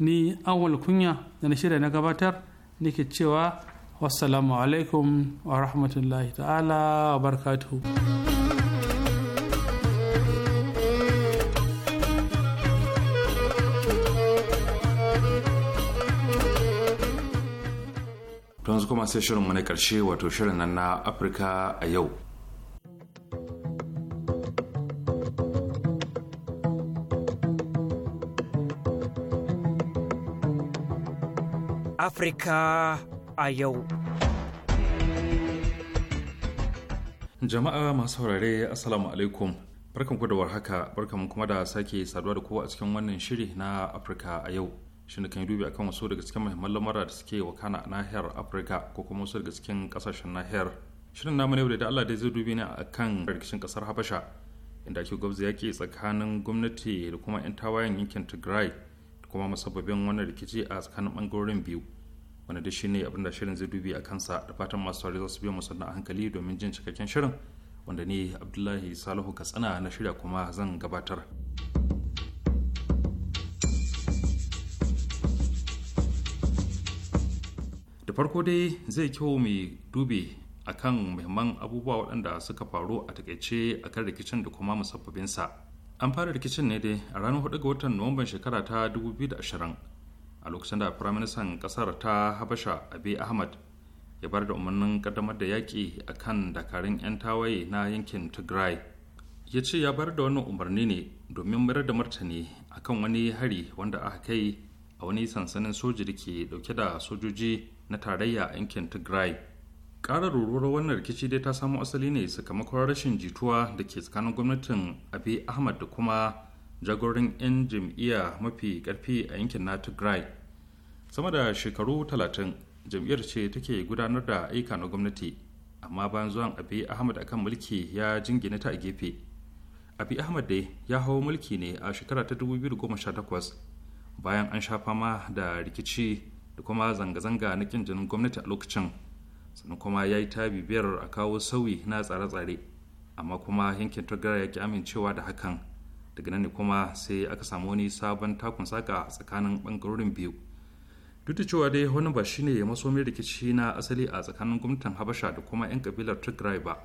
ni awal kunya da na shirya na gabatar nake cewa wassalamu alaikum wa rahmatullahi ta'ala wa barkatu. kuma sai shirinmu na ƙarshe wato shirin nan na Afirka a yau. Afirka a yau. Jama'a masu saurare Assalamu alaikum. Barkan ku da warhaka, barkan kuma da sake saduwa da kowa a cikin wannan shiri na Afirka a yau. shine kan dubi akan wasu daga cikin muhimman lamura da suke wakana a nahiyar afirka ko kuma wasu daga cikin kasashen nahiyar shirin namu ne da allah dai zai dubi ne akan rikicin kasar habasha inda ake gwabza yake tsakanin gwamnati da kuma 'yan tawayen yankin tigray da kuma masababin wannan rikici a tsakanin bangarorin biyu wanda da shine abin da shirin zai dubi a kansa da fatan masu saurari za su biya musamman a hankali domin jin cikakken shirin wanda ni abdullahi salihu katsina na shirya kuma zan gabatar. farko dai zai kyau mai a kan muhimman abubuwa waɗanda suka faru a takaice kan rikicin da kuma musabbabinsa an fara rikicin ne dai a ranar 4 ga watan nuwamban shekara ta 2020 a lokacin da firaministan ƙasar ta habasha abi ahmad ya bar da umarnin kaddamar da yaƙi a kan dakarun 'yan tawaye na yankin tigray ya ce ya bar da wannan umarni ne domin mayar da martani akan wani hari wanda aka kai a wani sansanin soji da ke dauke da sojoji na tarayya a yankin tigray ƙarar ruruwar wannan rikici dai ta samo asali ne sakamakon rashin jituwa da ke tsakanin gwamnatin Abiy ahmad da kuma jagorin 'yan jam'iyya mafi karfi a yankin na tigray sama da shekaru talatin jam'iyyar ce take gudanar da aika na gwamnati amma bayan zuwan Abiy ahmad akan mulki ya jingina ta a gefe Abiy ahmad dai ya hau mulki ne a shekara ta 2018 bayan an sha fama da rikici da kuma zanga-zanga na kin jinin gwamnati a lokacin sannan kuma ya yi ta bibiyar a kawo sauyi na tsare-tsare amma kuma yankin tagara ya ki amincewa da hakan daga nan ne kuma sai aka samu wani sabon takun saka tsakanin bangarorin biyu duk da cewa dai wani ba shine ya masomin rikici na asali a tsakanin gwamnatin habasha da kuma 'yan kabilar tigray ba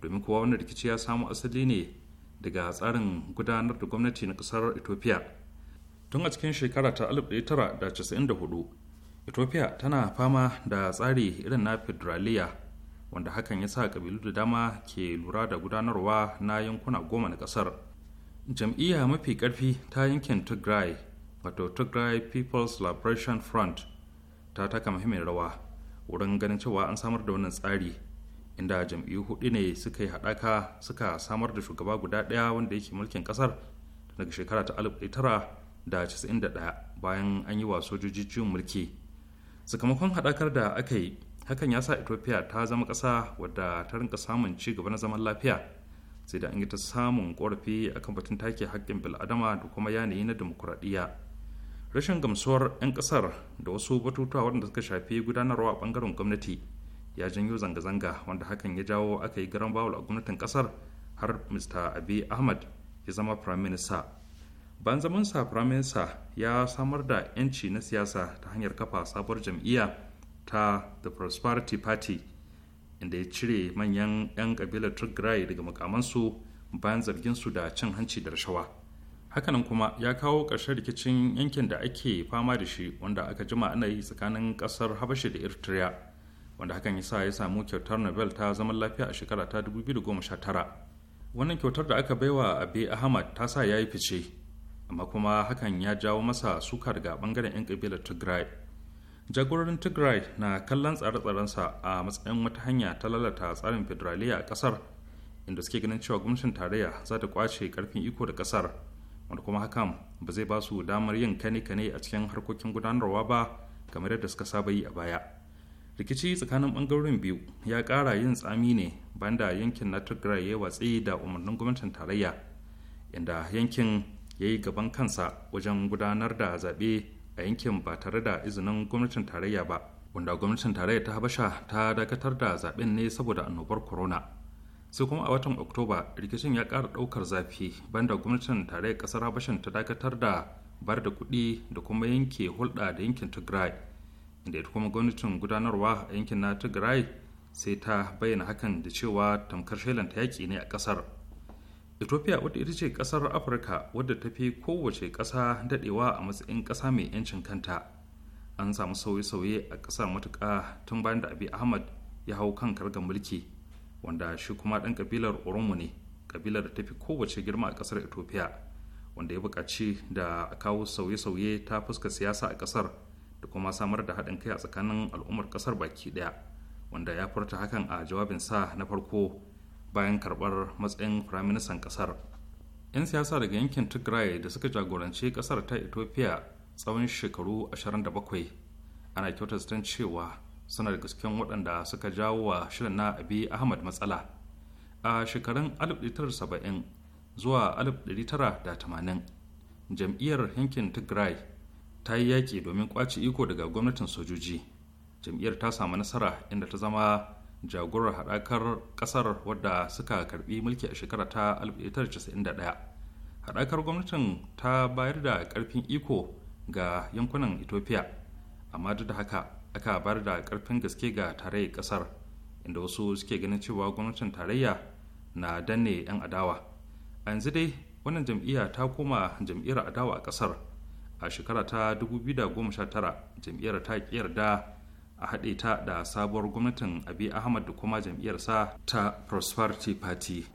domin kowa wani rikici ya samo asali ne daga tsarin gudanar da gwamnati na kasar ethiopia tun a cikin shekara ta 1994 ethiopia tana fama da tsari irin na federaliya wanda hakan ya sa kabilu da dama ke lura da gudanarwa na yankuna goma na kasar jam'iyya mafi karfi ta yankin tigray wato tigray people's liberation front ta taka muhimmin rawa wurin ganin cewa an samar da wannan tsari inda jam'iyyu hudu ne suka yi haɗaka suka samar da shugaba guda ɗaya wanda yake mulkin ƙasar daga shekara ta 1991 bayan an yi wa sojoji mulki sakamakon haɗakar da aka yi hakan ya sa ethiopia ta zama ƙasa wadda ta rinka samun ci gaba na zaman lafiya sai da an yi ta samun ƙorafi akan batun take haƙƙin bil'adama da kuma yanayi na demokuraɗiyya rashin gamsuwar 'yan ƙasar da wasu batutuwa waɗanda suka shafi gudanarwa a ɓangaren gwamnati ya janyo zanga-zanga wanda hakan ya jawo aka yi garan bawul a gwamnatin ƙasar har mr abi ahmad ya zama prime minister ban zaman sa firaminista ya samar da 'yanci na siyasa ta hanyar kafa sabuwar jam'iyya ta the prosperity party inda ya cire manyan 'yan kabilar tigray daga makamansu bayan zarginsu da cin hanci da rashawa hakanan kuma ya kawo ƙarshen rikicin yankin da ake fama da shi wanda aka jima ana yi tsakanin ƙasar habashi da eritrea wanda hakan ya sa ya samu kyautar nobel ta zaman lafiya a shekara ta 2019 wannan kyautar da aka baiwa abe ahmad ta sa ya yi fice amma kuma hakan ya jawo masa sukar ga bangaren 'yan kabilar tigray jagororin tigray na kallon tsare sa a matsayin wata hanya ta lalata tsarin federaliya a kasar inda suke ganin cewa gwamnatin tarayya za ta kwace karfin iko da kasar wanda kuma hakan ba zai ba su damar yin kane-kane a cikin harkokin gudanarwa ba kamar yadda suka saba yi a baya rikici tsakanin bangarorin biyu ya ƙara yin tsami ne banda yankin na tigray ya watsi da umarnin gwamnatin tarayya inda yankin ya yi gaban kansa wajen gudanar da zaɓe a yankin ba tare da izinin gwamnatin tarayya ba wanda gwamnatin tarayya ta habasha ta dakatar da zaɓen ne saboda annobar corona sai kuma a watan oktoba rikicin ya ƙara ɗaukar zafi banda gwamnatin tarayya ƙasar habashan ta dakatar da bar da kuɗi da kuma yanke hulɗa da yankin tigray inda ita kuma gwamnatin gudanarwa a yankin na tigray sai ta bayyana hakan da cewa tamkar shelanta yaƙi ne a ƙasar ethiopia wadda ita ce ƙasar afirka wadda ta fi kowace ƙasa daɗewa a matsayin ƙasa mai yancin kanta an samu sauye-sauye a ƙasar matuƙa tun bayan da abi ahmad ya hau kan karga mulki wanda shi kuma ɗan kabilar oromo ne kabilar da ta fi kowace girma a ƙasar ethiopia wanda ya buƙaci da kawo sauye-sauye ta fuska siyasa a ƙasar da kuma samar da haɗin kai a tsakanin al'ummar ƙasar baki ɗaya wanda ya furta hakan a jawabinsa na farko bayan karɓar matsayin firaministan ƙasar 'yan siyasa daga yankin tigray da suka jagoranci ƙasar ta ethiopia tsawon shekaru 27 ana zaton cewa suna da gasken waɗanda suka jawo wa shirin na abi ahmad matsala a shekarun 1970 zuwa 1980 jam'iyyar yankin tigray ta yi yaƙi domin ƙwace iko daga gwamnatin sojoji jam'iyyar ta samu nasara inda ta zama jagorar haɗakar ƙasar wadda suka karbi mulki a shekara ta 1991 haɗakar gwamnatin ta bayar da karfin iko ga yankunan ethiopia amma duk da haka aka bayar da karfin gaske ga tarayyar ƙasar inda wasu suke ganin cewa gwamnatin tarayya na danne 'yan adawa a yanzu dai wannan jam'iyya ta koma jam'iyyar adawa a ƙasar a shekara ta 2019 jam'iyyar ta ƙi yarda a haɗe ta da sabuwar gwamnatin abi ahmad da kuma jam'iyyarsa ta prosperity party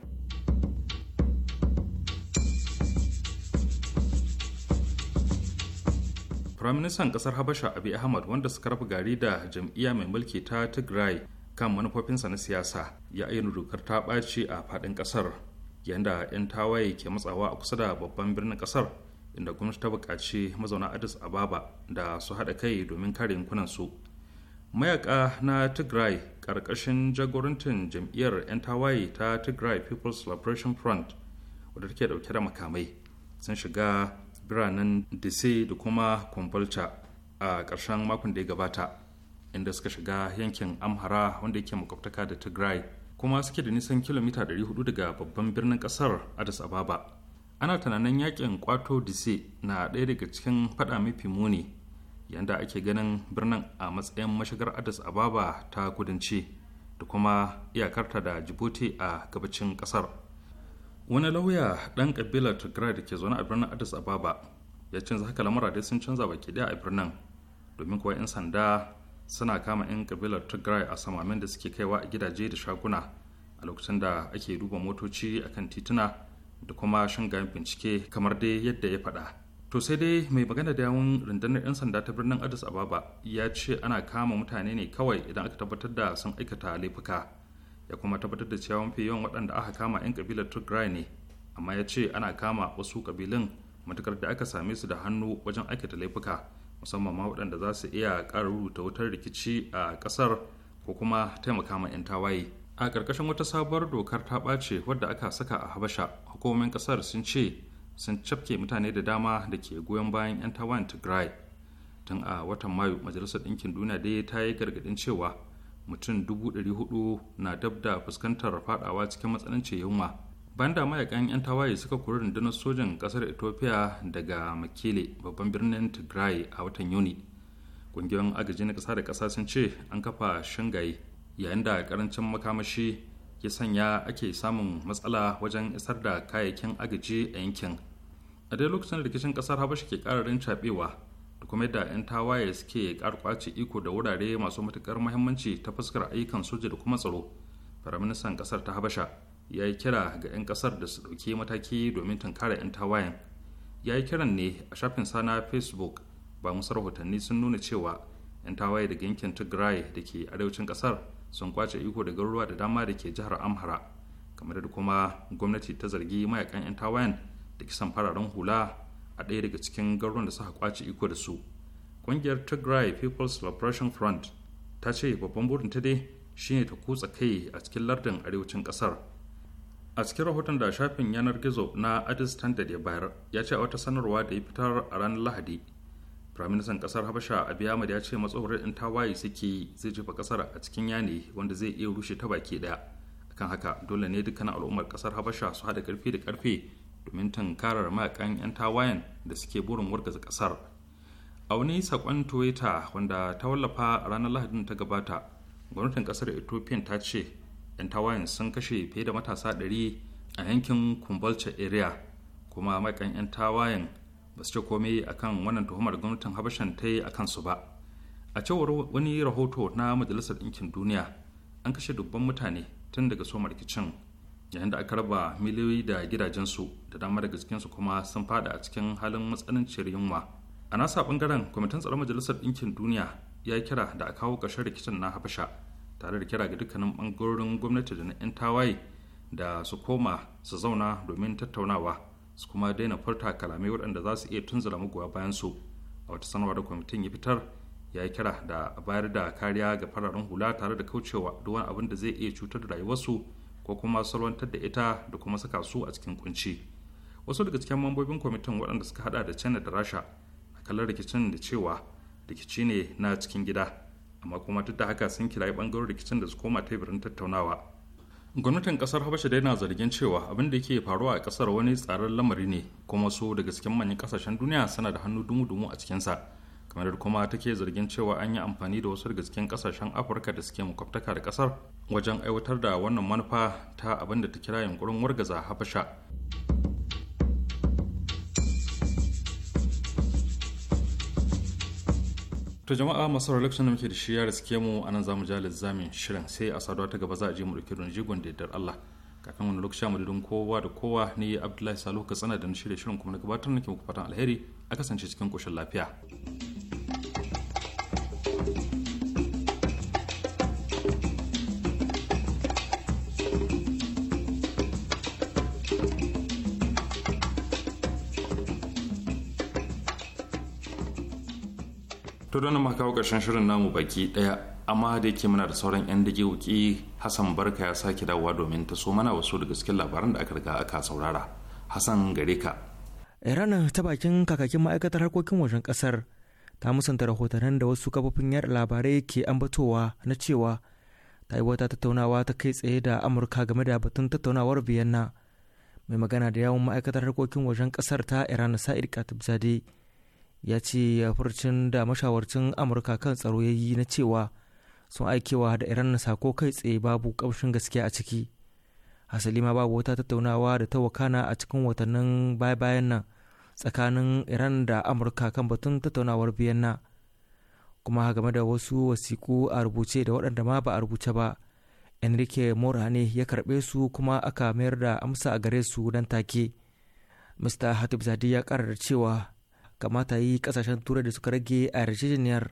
firaministan ƙasar habasha abi ahmad wanda suka rafa gari da jam'iyya mai mulki ta tigray kan manufofinsa na siyasa ya ainihin dokar ta ɓaci a faɗin ƙasar yadda 'yan tawaye ke matsawa a kusa da babban birnin ƙasar inda gwamnati ta buƙaci mazauna addis ababa da su haɗa kai domin kare yankunan su. mayaka na tigray karkashin jagorantar jam'iyyar 'yan tawaye ta tigray people's liberation front wadda take dauke da makamai sun shiga biranen dise da kuma kumbalta a ƙarshen makon da ya gabata inda suka shiga yankin amhara wanda yake makwabtaka da tigray kuma suke da nisan kilomita 400 daga babban birnin ƙasar addis ababa ana tunanin yakin kwato dise na ɗaya daga cikin faɗa mafi muni yanda ake ganin birnin a matsayin mashigar addis ababa ta kudanci da kuma iyakarta da jibuti a gabacin kasar wani lauya ɗan ƙabilar tigray da ke zaune a birnin addis ababa ya canza haka lamura dai sun canza baki ɗaya a birnin domin kuwa 'yan sanda suna kama 'yan ƙabilar tigray a samamin da suke kaiwa a gidaje da shaguna a lokacin da ake duba motoci akan tituna da kuma shingayen bincike kamar dai yadda ya faɗa to sai dai mai magana da yawun rundunar 'yan sanda ta birnin addis ababa ya ce ana kama mutane ne kawai idan aka tabbatar da sun aikata laifuka ya kuma tabbatar da cewa mafi yawan waɗanda aka kama 'yan kabilar tigray ne amma ya ce ana kama wasu kabilun matukar da aka same su da hannu wajen aikata laifuka musamman ma waɗanda za su iya ƙara rubuta wutar rikici a ƙasar ko kuma taimaka ma 'yan tawaye a ƙarƙashin wata sabuwar dokar ta ɓace wadda aka saka a habasha hukumomin ƙasar sun ce sun cafke mutane da dama da ke goyon bayan 'yan tawan tigray tun a watan mayu majalisar ɗinkin duniya dai ta yi gargaɗin cewa mutum 400 na dab da fuskantar fadawa cikin matsanancin yunwa da mayakan 'yan tawaye suka kori rundunar sojan ƙasar ethiopia daga makile babban birnin tigray a watan yuni ƙungiyoyin agaji na ƙasa da ƙasa sun ce an kafa shingaye yayin da ƙarancin makamashi ya sanya ake samun matsala wajen isar da kayayyakin agaji a yankin a dai lokacin rikicin kasar habasha ke kararin cabewa da kuma yadda 'yan tawaye suke karkwace iko da wurare masu matukar muhimmanci ta fuskar ayyukan soja da kuma tsaro faraministan kasar ta habasha ya yi kira ga 'yan kasar da su ɗauki mataki domin tunkara 'yan tawayen ya yi kiran ne a shafin sana facebook ba musu rahotanni sun nuna cewa 'yan tawaye daga yankin tigray da ke arewacin kasar sun kwace iko da garuruwa da dama da ke jihar amhara kamar da kuma gwamnati ta zargi mayakan 'yan tawayen da kisan fararen hula a ɗaya daga cikin garuruwan da suka kwace iko da su ƙungiyar tigray people's liberation front ta ce babban burin ta dai shine ta kutsa kai a cikin lardin arewacin ƙasar a cikin rahoton da shafin yanar gizo na addis standard ya bayar ya ce a wata sanarwa da ya fitar a ranar lahadi firaministan ƙasar habasha abiy ahmad ya ce matsawarin in tawaye suke zai jefa ƙasar a cikin yane wanda zai iya rushe ta baki ɗaya, kan haka dole ne dukkanin al'ummar ƙasar habasha su haɗa ƙarfi da karfe domin tankarar mayakan 'yan tawayen da suke burin wargaza kasar a wani sakon toyota wanda ta wallafa ranar lahadin ta gabata gwamnatin kasar ethiopia ta ce 'yan tawayen sun kashe fiye da matasa 100 a yankin kumbalcha area kuma mayakan 'yan tawayen ba su ce komai akan wannan tuhumar gwamnatin habashan ta yi a kansu ba a cewar wani rahoto na majalisar ɗinkin duniya an kashe dubban mutane tun daga somar rikicin yayin da aka raba miliyoyi da gidajensu da dama daga cikinsu kuma sun fada a cikin halin matsananciyar yunwa a nasa bangaren kwamitin tsaron majalisar ɗinkin duniya ya kira da a kawo ƙarshen rikicin na habasha tare da kira ga dukkanin bangarorin gwamnati da na 'yan tawaye da su koma su zauna domin tattaunawa su kuma daina furta kalamai waɗanda za su iya tunzura magoya bayan su a wata sanarwa da kwamitin ya fitar ya yi kira da bayar da kariya ga fararen hula tare da kaucewa duk wani abin da zai iya cutar da rayuwarsu ko kuma salwantar da ita da kuma saka su a cikin kunci wasu daga cikin mambobin kwamitin waɗanda suka hada da china da rasha a kallon rikicin da cewa rikici ne na cikin gida amma kuma duk da haka sun kirayi ɓangaren rikicin da su koma teburin tattaunawa gwamnatin kasar habasha dai na zargin cewa abin da ke faruwa a kasar wani tsarin lamari ne kuma su daga cikin manyan kasashen duniya suna da hannu dumu-dumu a cikinsa kamar kuma take zargin cewa an yi amfani da wasu daga cikin kasashen afirka da suke makwabtaka da kasar wajen aiwatar da wannan manufa ta abin da ta kira yunkurin wargaza habasha to jama'a masu lokacin da muke da shi ya riske mu anan zamu ja lizamin shirin sai a saduwa ta gaba za a je mu dauki don jigon da yardar Allah kafin wani lokaci mu dudun kowa da kowa ne Abdullahi Salo ka tsana da shirye shirin kuma na gabatar nake muku fatan alheri a kasance cikin koshin lafiya to don kawo karshen shirin namu baki daya amma da yake muna da sauran 'yan dage wuki hassan barka ya sake dawowa domin ta so mana wasu daga cikin labaran da aka riga aka saurara hassan gare ka iran ta bakin kakakin ma'aikatar harkokin wajen kasar ta musanta rahotannin da wasu kafofin yar labarai ke ambatowa na cewa ta yi wata tattaunawa ta kai tsaye da amurka game da batun tattaunawar biyanna mai magana da yawon ma'aikatar harkokin wajen kasar ta iran sa'id katib zade. ya ce ya furcin da mashawarcin amurka kan tsaro ya yi na cewa sun aikewa da iran sako kai tsaye babu kaushin gaske a ciki hasali ma babu wata tattaunawa da ta wakana a cikin watannin baya-bayan nan tsakanin iran da amurka kan batun tattaunawar biyanna kuma game da wasu wasiku a rubuce da waɗanda ma ba a rubuce ba enrique mora ne ya karɓe su kuma aka mayar da amsa a gare su nan take mr hatib zadi ya ƙara da cewa kamata yi kasashen turai da suka rage a yarjejeniyar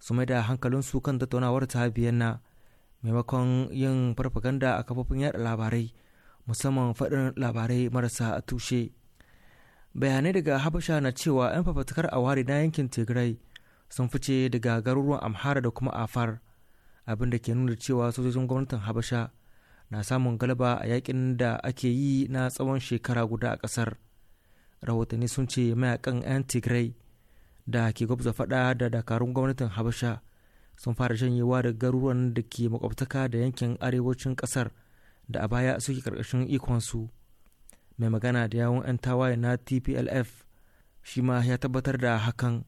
su mai da hankalinsu kan tattaunawar ta biyanna maimakon yin farfaganda a kafofin yada labarai musamman faɗin labarai marasa tushe bayanai daga habasha na cewa 'yan fafatakar awari na yankin tigray sun fice daga garuruwan amhara da kuma afar abin da ke nuna cewa sojojin gwamnatin habasha na samun galaba a yakin da ake yi na tsawon shekara guda a ƙasar rahotanni sun ce mayakan 'yan tigray da ke gwabza fada da dakarun gwamnatin habasha sun fara shanyewa da garuruwan da ke makwabtaka da yankin arewacin kasar da a baya suke karkashin ikonsu mai magana da yawon 'yan tawaye na tplf shi ma ya tabbatar da hakan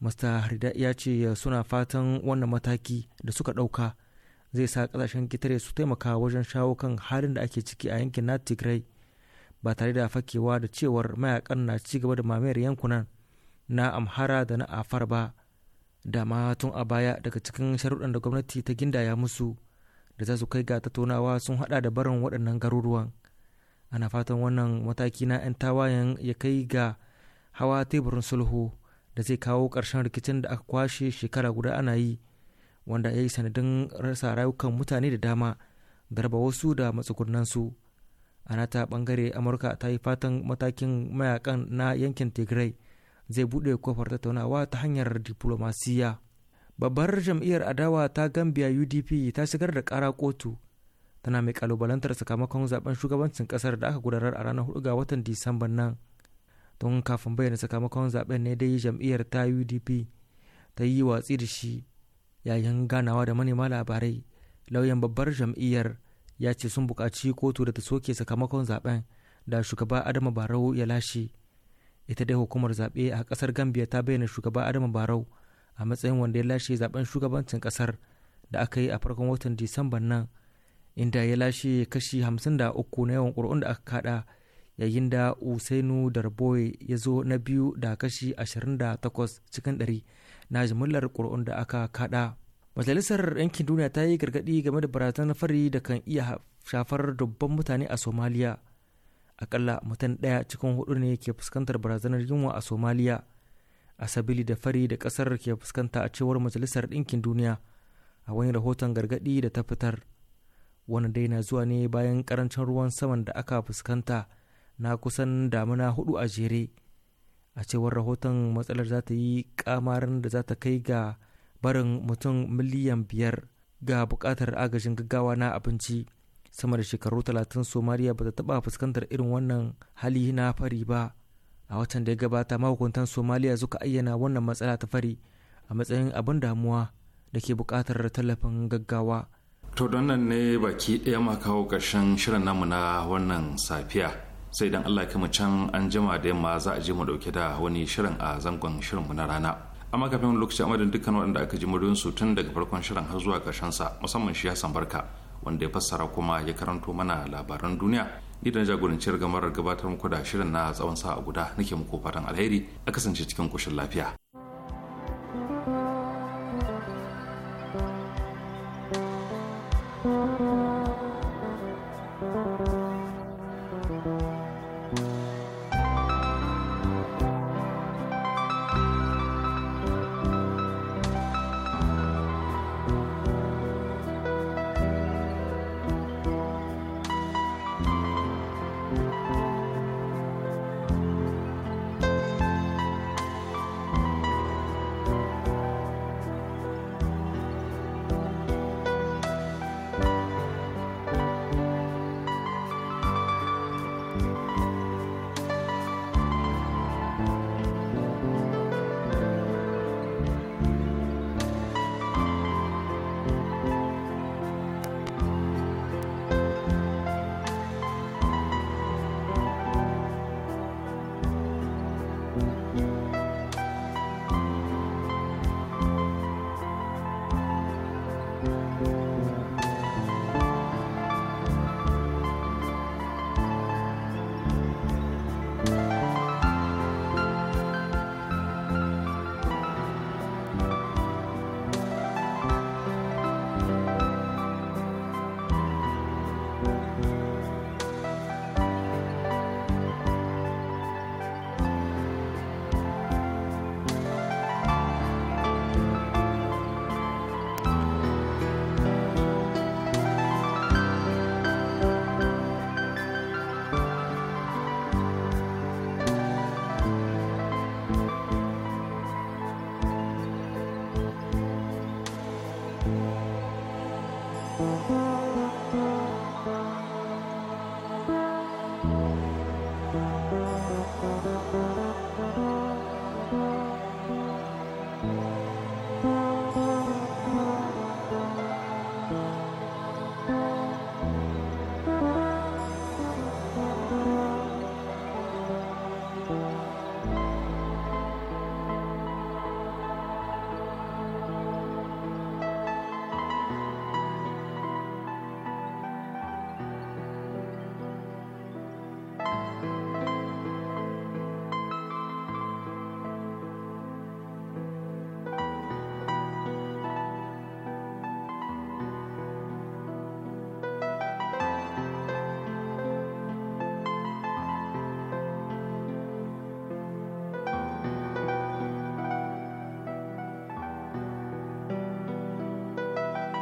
mr harida ya ce suna fatan wannan mataki da suka ɗauka zai sa ƙasashen kitare su taimaka wajen shawo kan halin da ake ciki a yankin na tigray ba tare da fakewa da cewar mayakan na ci gaba da mamayar yankunan na amhara da na afar ba da ma tun a baya daga cikin sharuɗan da gwamnati ta gindaya musu da za su kai ga tattaunawa sun haɗa da barin waɗannan garuruwan ana fatan wannan mataki na 'yan tawayen ya kai ga hawa teburin sulhu da zai kawo ƙarshen rikicin da aka kwashe shekara guda ana yi wanda ya yi sanadin rasa rayukan mutane da dama da raba wasu da matsugunansu a nata bangare amurka ta yi fatan matakin mayakan na yankin tigray zai bude kofar tattaunawa ta hanyar diplomasiya babbar jam'iyyar adawa ta gambia udp ta shigar da kara kotu tana mai kalubalantar sakamakon zaben shugabancin kasar da aka gudanar a ranar 4 ga watan disamban nan don kafin bayyana sakamakon zaben ne dai jam'iyyar ta udp ta yi watsi da shi yayin ganawa da manema labarai lauyan babbar jam'iyyar ya ce sun buƙaci kotu da ta soke sakamakon zaben da shugaba adama barau ya lashe ita dai hukumar zaɓe a ƙasar gambia ta bayyana shugaba adama barau a matsayin wanda ya lashe zaben shugabancin ƙasar da aka yi a farkon watan disamban nan inda ya lashe kashi 53 na yawan ƙuri'un da aka kada yayin da usainu darboe ya zo na biyu da kashi 28 cikin ɗari na jimillar ƙuri'un da aka kaɗa. majalisar yankin duniya ta yi gargaɗi game da barazanar fari da kan iya shafar dubban mutane a somaliya akalla mutum ɗaya cikin hudu ne ke fuskantar barazanar yunwa a somaliya a sabili da fari da ƙasar ke fuskanta a cewar majalisar ɗinkin duniya a wani rahoton gargaɗi da ta fitar wani dai na zuwa ne bayan ƙarancin ruwan saman da aka fuskanta na kusan damuna hudu a jere a cewar rahoton matsalar za ta yi ƙamarin da za ta kai ga barin mutum miliyan biyar ga bukatar agajin gaggawa na abinci sama da shekaru talatin somaliya ba ta taba fuskantar irin wannan hali na fari ba a watan da ya gabata mahukuntan somaliya suka ayyana wannan matsala ta fari a matsayin abin damuwa da ke bukatar tallafin gaggawa to don nan ne baki ɗaya ma kawo ƙarshen shirin namu na wannan safiya sai dan allah kama can an jima da yamma za a je mu ɗauke da wani shirin a zangon shirinmu na rana amma kafin lokaci amadin dukkan waɗanda aka ji su tun daga farkon shirin har zuwa ƙarshen sa musamman shi Hassan Barka wanda ya fassara kuma ya karanto mana labaran duniya ni da na jagorancin gamar gabatar muku da shirin na tsawon sa'a guda nake muku fatan alheri a kasance cikin koshin lafiya